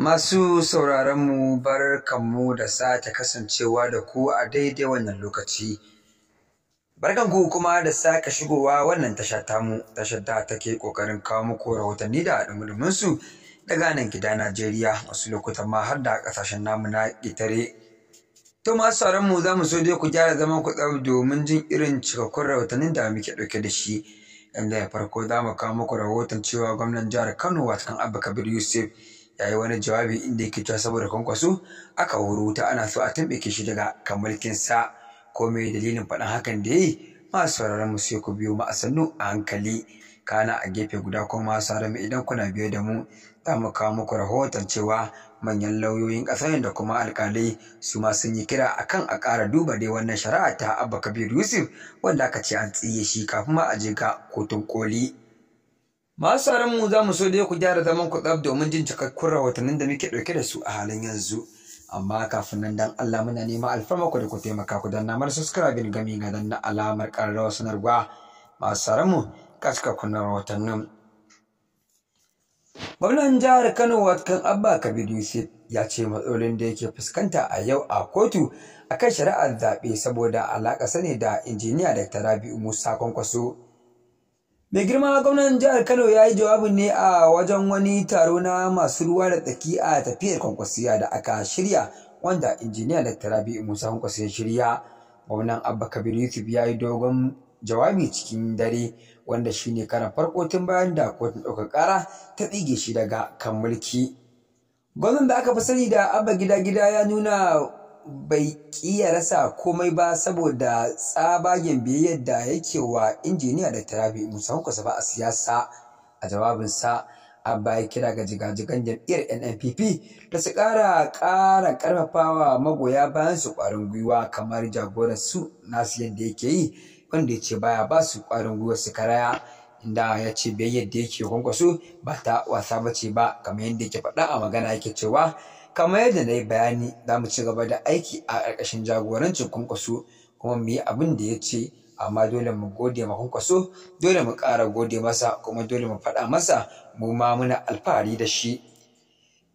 Masu sauraronmu barkan kanmu da sake kasancewa da ku a daidai wannan lokaci. Barkanku kuma da sake shigowa wannan tasha tamu, tashar da take ƙoƙarin kawo muku rahotanni da ɗumuɗuminsu daga nan gida Najeriya wasu lokutan ma har da ƙasashen namu na ƙetare. To masu sauranmu za mu so dai ku gyara zaman ku tsaro domin jin irin cikakkun rahotannin da muke ɗauke da shi. Inda ya farko za mu kawo muku rahoton cewa gwamnan jihar Kano watakan Abba Kabir Yusuf ya yi wani jawabi inda yake cewa saboda kwankwaso aka horo wuta ana so a tamɓe shi daga kan sa ko mai dalilin faɗin hakan da ya yi masu sauraron mu sai ku biyo mu a sannu a hankali kana a gefe guda kuma mu idan kuna biyo da mu za mu kawo muku rahoton cewa manyan lauyoyin ƙasar da kuma alƙalai su ma sun yi kira a kan a ƙara duba dai wannan shari'a ta abba kabir yusuf wanda aka ce an tsiye shi kafin ma a je ga kotun koli. masu tsaron mu za mu so dai ku gyara zaman ku tsaf domin jin cikakkun rahotannin da muke ɗauke da su a halin yanzu amma kafin nan dan Allah muna nema alfarma ku da ku taimaka ku dan namar subscribe gami ga na alamar ƙararrawa sanarwa masu tsaron mu ka cikakkun rahotannin gwamnan jihar Kano kan Abba Kabir Yusuf ya ce matsalolin da yake fuskanta a yau a kotu akan shari'ar zaɓe saboda alaƙa sani da injiniya Dr. Rabi'u Musa Kwankwaso mai girma gwamnan jihar kano ya yi jawabin ne a wajen wani taro na masu ruwa da tsaki a tafiyar kwankwasiya da aka shirya wanda injiniya da tarabi musa ya shirya gwamnan abba kabir yusuf ya yi dogon jawabi cikin dare wanda shine karan farko tun bayan da kotun ɗaukar ƙara ta tsige shi daga kan mulki gwamnan da aka fi sani da abba gida gida ya nuna bai ƙiya rasa komai ba saboda tsabagen biyayyar da yake wa injiniya da rabi musa hukasa ba a siyasa a jawabinsa abba ya kira ga jigajigan jam'iyyar nnpp da su ƙara ƙara ƙarfafawa magoya bayan su ƙwarin gwiwa kamar jagoran su nasu yadda yake yi wanda ya ce baya ba su ƙwarin gwiwa su karaya inda ya ce biyayyar da yake kwankwaso ba ta wasa ba ce ba kamar yadda yake faɗa a magana yake cewa kamar yadda na yi bayani za mu ci gaba da aiki a ƙarƙashin jagorancin kwankwaso kuma mu yi abin da ya ce amma dole mu gode ma kwankwaso dole mu ƙara gode masa kuma dole mu faɗa masa mu ma muna alfahari da shi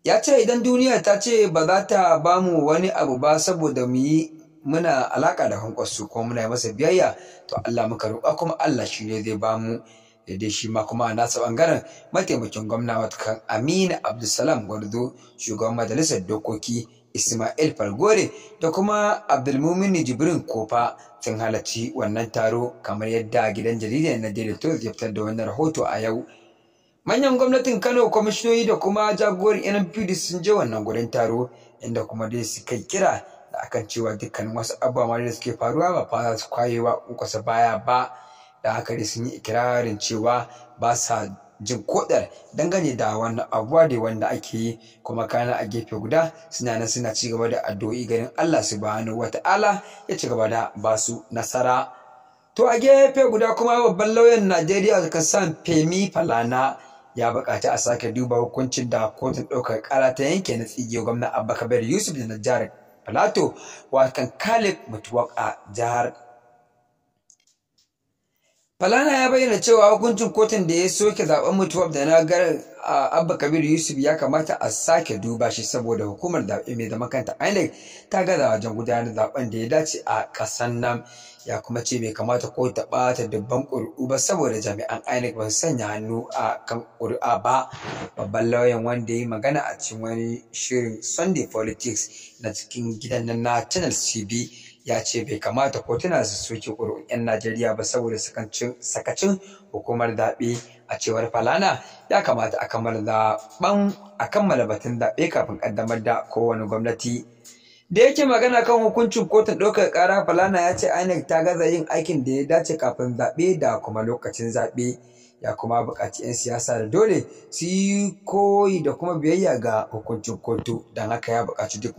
ya ce idan duniya ta ce ba za ta ba mu wani abu ba saboda mu yi muna alaƙa da kwankwaso kuma muna yi masa biyayya to Allah muka roƙa kuma Allah shi ne zai ba mu da dai shi ma kuma a nasa bangaren mataimakin gwamna matakan Aminu abdulsalam gwardo shugaban majalisar dokoki ismail falgore da kuma abdulmumini jibrin kofa sun halarci wannan taro kamar yadda gidan jaridar na daily Trust ya fitar da wannan rahoto a yau manyan gwamnatin kano kwamishinoyi da kuma jagorin pd sun je wannan gurin taro inda kuma dai suka kira da akan cewa dukkan wasu abubuwa da suke faruwa ba fa su kwayewa uku baya ba da haka dai sun yi ikirarin cewa ba sa jin koɗar dangane da wani abuwa da wanda ake yi kuma kana a gefe guda suna nan suna ci gaba da addu'o'i garin Allah subhanahu wata'ala ya ci gaba da ba su nasara to a gefe guda kuma babban lauyan Najeriya Kasan Femi Falana ya buƙaci a sake duba hukuncin da kotun ɗaukar ƙara ta yanke na tsige gwamna Abba Kabir Yusuf da na jihar Plateau kan Khalid mutuwa a jihar falana ya bayyana cewa hukuncin kotun da ya soke zaben mutuwar da na gar abba kabiru yusuf ya kamata a sake duba shi saboda hukumar zaɓe mai zaman kanta inec ta gaza wajen gudanar zaben da ya dace a ƙasar nan ya kuma ce mai kamata ko ta ɓata dubban ƙuri'u ba saboda jami'an inec ba su sanya hannu a kan ƙuri'a ba babban lauyan wanda ya yi magana a cikin wani shirin sunday politics na cikin gidan na channel cb ya ce bai kamata kotuna su soke ƙuri'un 'yan Najeriya ba saboda sakacin hukumar zaɓe a cewar Falana ya kamata a kammala batun zaɓe kafin ƙaddamar da kowane gwamnati. Da yake magana kan hukuncin kotun ɗaukar ƙara Falana ya ce INEC ta gaza yin aikin da ya dace kafin zaɓe da kuma lokacin zaɓe. Ya kuma buƙaci 'yan siyasa da dole su yi koyi da kuma biyayya ga hukuncin kotu don haka ya buƙaci duk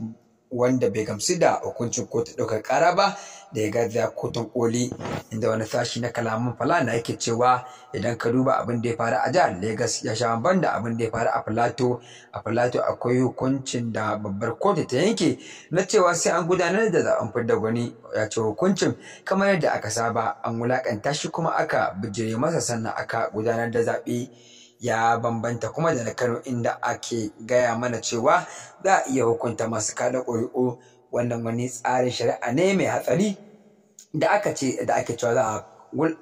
wanda bai gamsu da hukuncin kotu ɗaukar ƙara ba da ya garzaya kotun koli inda wani sashi na kalaman falana yake cewa idan ka duba abin da ya faru a jihar Legas ya sha ban da abin da ya faru a Filato a Filato akwai hukuncin da babbar kotu ta yanke na cewa sai an gudanar da zaɓen fidda gwani ya ce hukuncin kamar yadda aka saba an wulakanta shi kuma aka bijire masa sannan aka gudanar da zaɓe ya bambanta kuma da na Kano inda ake gaya mana cewa za a iya hukunta masu kada ƙuri'u wannan wani tsarin shari'a ne mai hatsari da aka ce da ake cewa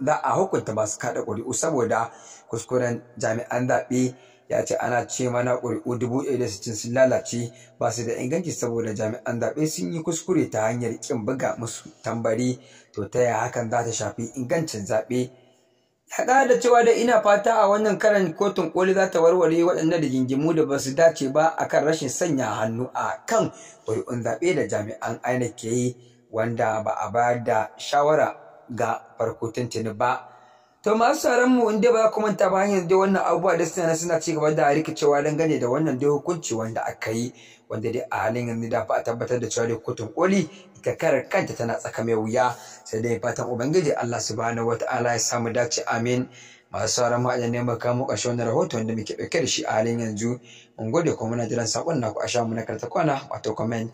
za a hukunta masu kaɗa ƙuri'u saboda kuskuren jami'an zaɓe ya ce ana ce mana ƙuri'u dubu ɗaya da sittin sun lalace ba su da inganci saboda jami'an zaɓe sun yi kuskure ta hanyar ƙin buga musu tambari to ta yaya hakan za ta shafi ingancin zaɓe haɗa da cewa da ina fata a wannan karan kotun koli za ta warware waɗannan da gingimu da ba su dace ba a kan rashin sanya hannu a kan ƙuri'un zaɓe da jami'an aina ke yi wanda ba a ba da shawara ga farko tuntuni ba to masu tsaron mu inda ba kuma ta ba hanyar da wannan abubuwa da suna suna ci gaba da rikicewa dangane da wannan da hukunci wanda aka yi wanda dai a halin yanzu dafa a tabbatar da cewa dai kotun koli ita karar kanta tana tsaka mai wuya sai dai fatan ubangiji Allah subhanahu wataala ya samu dace amin masu sauran ma'ajan ne muka mu ƙarshe wannan rahoton wanda muke ɗauke da shi a halin yanzu mun gode kuma muna jiran saƙon naku a mu na karta kwana wato comment